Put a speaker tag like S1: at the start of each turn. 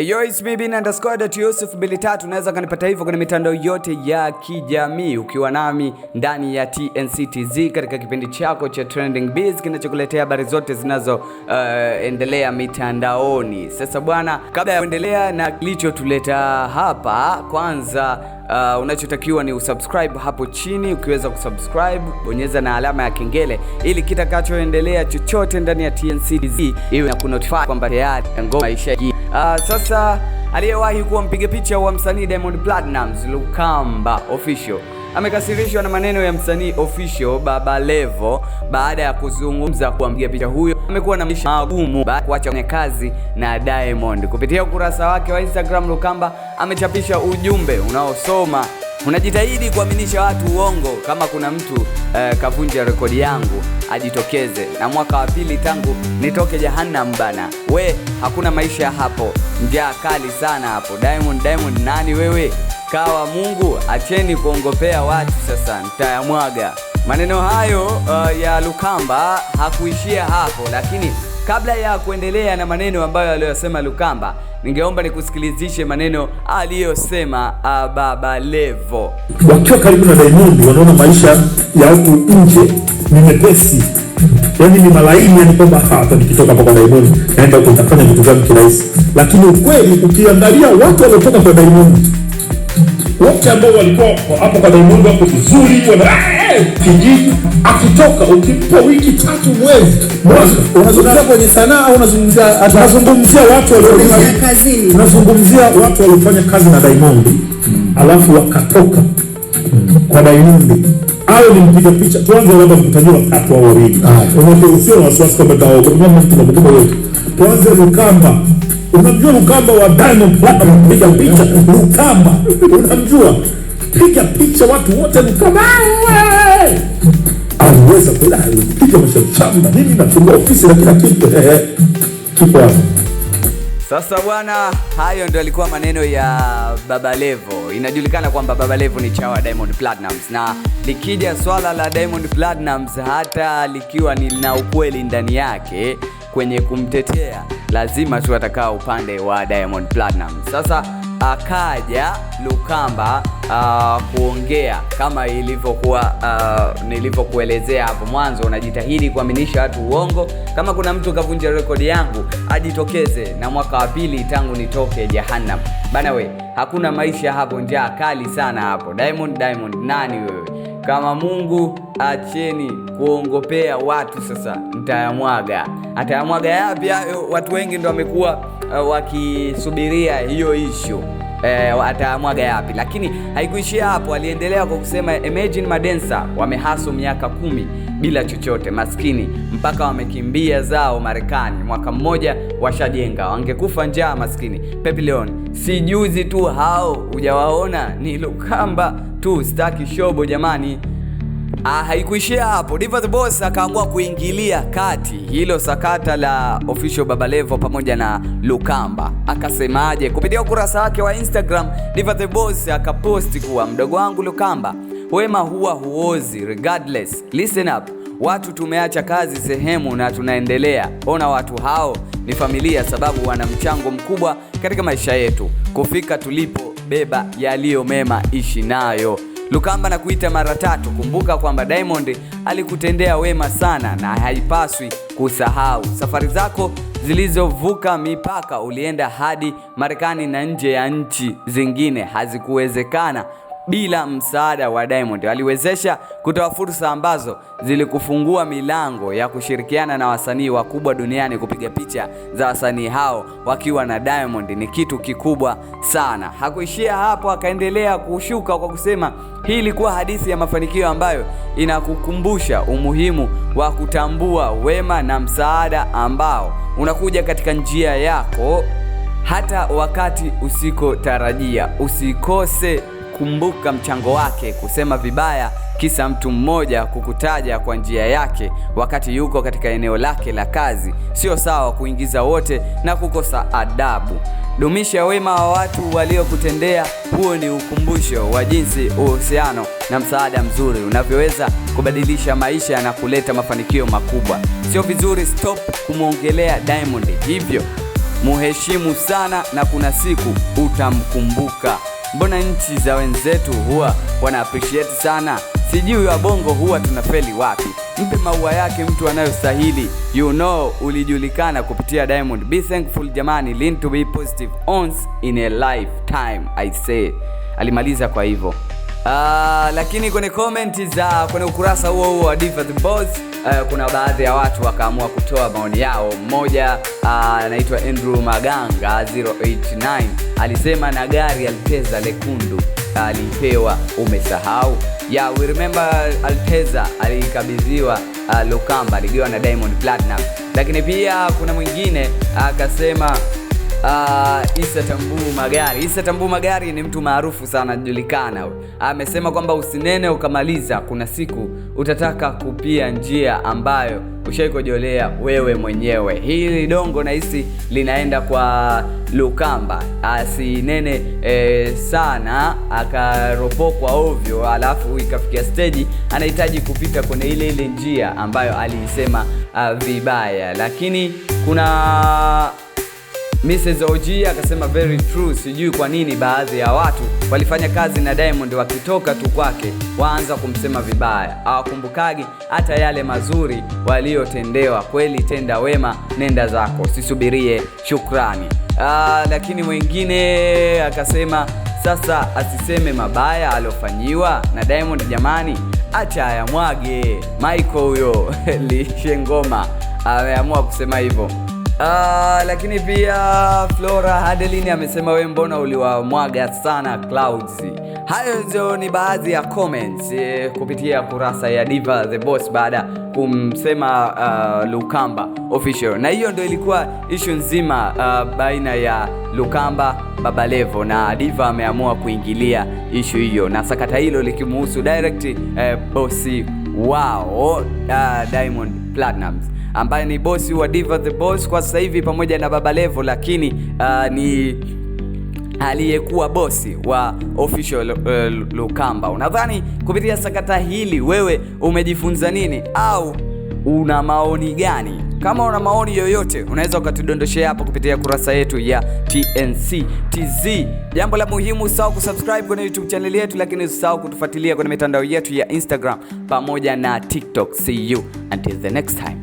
S1: yo, it's me bin underscore dot Yusuf mbili tatu. Unaweza ukanipata hivyo kwenye mitandao yote ya kijamii ukiwa nami ndani ya TNCTZ katika kipindi chako cha Trending Biz kinachokuletea habari zote zinazoendelea uh, mitandaoni. Sasa bwana, kabla ya kuendelea na kilichotuleta hapa, kwanza Uh, unachotakiwa ni usubscribe hapo chini. Ukiweza kusubscribe, bonyeza na alama ya kengele ili kitakachoendelea chochote ndani ya TNCTZ iwe na kunotify kwamba tayari ngoma ishaji Uh, sasa aliyewahi kuwa mpiga picha wa msanii Diamond Platnumz Lukamba Official amekasirishwa na maneno ya msanii Official Baba Levo baada ya kuzungumza kuwa mpiga picha huyo amekuwa na maisha magumu baada ya kuacha kazi na Diamond. Kupitia ukurasa wake wa Instagram, Lukamba amechapisha ujumbe unaosoma Unajitahidi kuaminisha watu uongo. Kama kuna mtu eh, kavunja rekodi yangu ajitokeze, na mwaka wa pili tangu nitoke jahannam bana. We, hakuna maisha hapo, njaa kali sana hapo. Diamond, Diamond nani wewe? Kawa Mungu, acheni kuongopea watu sasa, nitayamwaga. Maneno hayo uh, ya Lukamba hakuishia hapo, lakini Kabla ya kuendelea na maneno ambayo aliyosema Lukamba, ningeomba nikusikilizishe maneno aliyosema Baba Levo.
S2: Wakiwa karibu na Diamond wanaona maisha ya huku nje ni mepesi, yaani ni malaini, yaani kwamba hata nikitoka hapa kwa Diamond naenda huko nitafanya vitu vyangu kirahisi, lakini ukweli ukiangalia watu waliotoka kwa Diamond wote ambao walikuwa hapo kwa Diamond wako vizuri, wana kijiji akitoka, ukipo wiki tatu, mwezi Unazungumzia kwenye sanaa au unazungumzia? Tunazungumzia watu waliofanya kazi, watu waliofanya kazi na Diamond alafu wakatoka kwa Diamond au ni mpiga picha. Tuanze labda mkutanio wa tatu au wawili, na wasiwasi kwamba tuanze Lukamba. Unamjua Lukamba wa Diamond Mpiga picha Lukamba, unamjua? Piga picha watu wote Lukamba aliweza kwenda alipiga mashauri na mimi nafungua ofisi na kila kitu eh, kipo hapo.
S1: Sasa bwana, hayo ndo alikuwa maneno ya Baba Levo. Inajulikana kwamba Baba Levo ni chawa Diamond Platnumz, na likija swala la Diamond Platnumz, hata likiwa lina ukweli ndani yake kwenye kumtetea, lazima tuwatakaa upande wa Diamond Platnumz. Sasa akaja Lukamba uh, kuongea kama ilivyokuwa uh, nilivyokuelezea hapo mwanzo. Unajitahidi kuaminisha watu uongo. Kama kuna mtu kavunja rekodi yangu ajitokeze, na mwaka wa pili tangu nitoke jahannam bana. We, hakuna maisha hapo, njaa kali sana hapo. Diamond, Diamond nani wewe? Kama Mungu acheni kuongopea watu sasa mtayamwaga. Atayamwaga yapi hayo? Watu wengi ndo wamekuwa uh, wakisubiria hiyo ishu E, eh, atayamwaga yapi? Lakini haikuishia hapo, aliendelea kwa kusema imagine madensa wamehaso miaka kumi bila chochote, maskini mpaka wamekimbia zao Marekani, mwaka mmoja washajenga, wangekufa njaa maskini. Pepe Leon, si juzi tu hao, hujawaona? Ni lukamba tu, staki shobo jamani. Ah, haikuishia hapo. Diva the Boss akaamua kuingilia kati hilo sakata la official Babalevo pamoja na Lukamba. Akasemaje? Kupitia ukurasa wake wa Instagram, Diva the Boss akaposti kuwa mdogo wangu Lukamba, wema huwa huozi regardless. Listen up. Watu tumeacha kazi sehemu na tunaendelea. Ona watu hao ni familia, sababu wana mchango mkubwa katika maisha yetu. Kufika beba yaliyo mema, ishi nayo. Lukamba na kuita mara tatu. Kumbuka kwamba Diamond alikutendea wema sana na haipaswi kusahau. Safari zako zilizovuka mipaka, ulienda hadi Marekani na nje ya nchi zingine, hazikuwezekana bila msaada wa Diamond. Aliwezesha kutoa fursa ambazo zilikufungua milango ya kushirikiana na wasanii wakubwa duniani. Kupiga picha za wasanii hao wakiwa na Diamond ni kitu kikubwa sana. Hakuishia hapo, akaendelea kushuka kwa kusema hii ilikuwa hadithi ya mafanikio ambayo inakukumbusha umuhimu wa kutambua wema na msaada ambao unakuja katika njia yako hata wakati usikotarajia. Usikose kukumbuka mchango wake, kusema vibaya kisa mtu mmoja kukutaja kwa njia yake wakati yuko katika eneo lake la kazi. Sio sawa kuingiza wote na kukosa adabu. Dumisha wema wa watu waliokutendea. Huo ni ukumbusho wa jinsi uhusiano na msaada mzuri unavyoweza kubadilisha maisha na kuleta mafanikio makubwa. Sio vizuri stop kumwongelea Diamond hivyo. Muheshimu sana na kuna siku utamkumbuka. Mbona nchi za wenzetu huwa wana appreciate sana? Sijui bongo huwa tunafeli wapi? Mpe maua yake mtu anayostahili. You know, ulijulikana kupitia Diamond. Be thankful jamani, lean to be positive once in a lifetime I say. Alimaliza kwa hivyo. Ah, lakini kwenye comment za kwenye ukurasa huo huo wa Divath Boys uh, kuna baadhi ya watu wakaamua kutoa maoni yao. Mmoja ah, anaitwa uh, Andrew Maganga 089 alisema na gari Alteza lekundu ah, alipewa umesahau. Ya we remember Alteza alikabidhiwa uh, Lokamba aligawa na Diamond Platinum, lakini pia kuna mwingine akasema uh, uh, Issa Magari. Isa Tambu Magari ni mtu maarufu sana julikana Amesema kwamba usinene ukamaliza, kuna siku utataka kupia njia ambayo ushaikojolea wewe mwenyewe. Hili dongo nahisi linaenda kwa Lukamba, asinene e, sana akaropokwa ovyo, alafu ikafikia steji anahitaji kupita kwenye ile ile njia ambayo aliisema uh, ah, vibaya, lakini kuna Mrs OG akasema very true. Sijui kwa nini baadhi ya watu walifanya kazi na Diamond wakitoka tu kwake waanza kumsema vibaya, hawakumbukagi hata yale mazuri waliotendewa. Kweli tenda wema, nenda zako, sisubirie shukrani. Ah, lakini mwingine akasema sasa asiseme mabaya aliofanyiwa na Diamond. Jamani, acha ayamwage Michael huyo lishe ngoma ameamua kusema hivyo. Uh, lakini pia Flora Hadelin amesema we mbona uliwamwaga sana Clouds. Hayo ndio ni baadhi ya comments eh, kupitia kurasa ya Diva The Boss baada kumsema uh, Lukamba official, na hiyo ndio ilikuwa issue nzima uh, baina ya Lukamba Baba Levo na Diva ameamua kuingilia issue hiyo na sakata hilo likimuhusu direct eh, bosi wao uh, Diamond Platnumz ambaye ni bosi wa Diva the Boss kwa sasa hivi pamoja na Baba Levo, lakini uh, ni aliyekuwa bosi wa Official uh, Lukamba. Unadhani kupitia sakata hili wewe umejifunza nini au una maoni gani? Kama una maoni yoyote unaweza ukatudondoshea hapo kupitia kurasa yetu ya TNC TZ. Jambo la muhimu, usahau kusubscribe kwenye YouTube channel yetu, lakini usahau kutufuatilia kwenye mitandao yetu ya Instagram pamoja na TikTok. See you until the next time.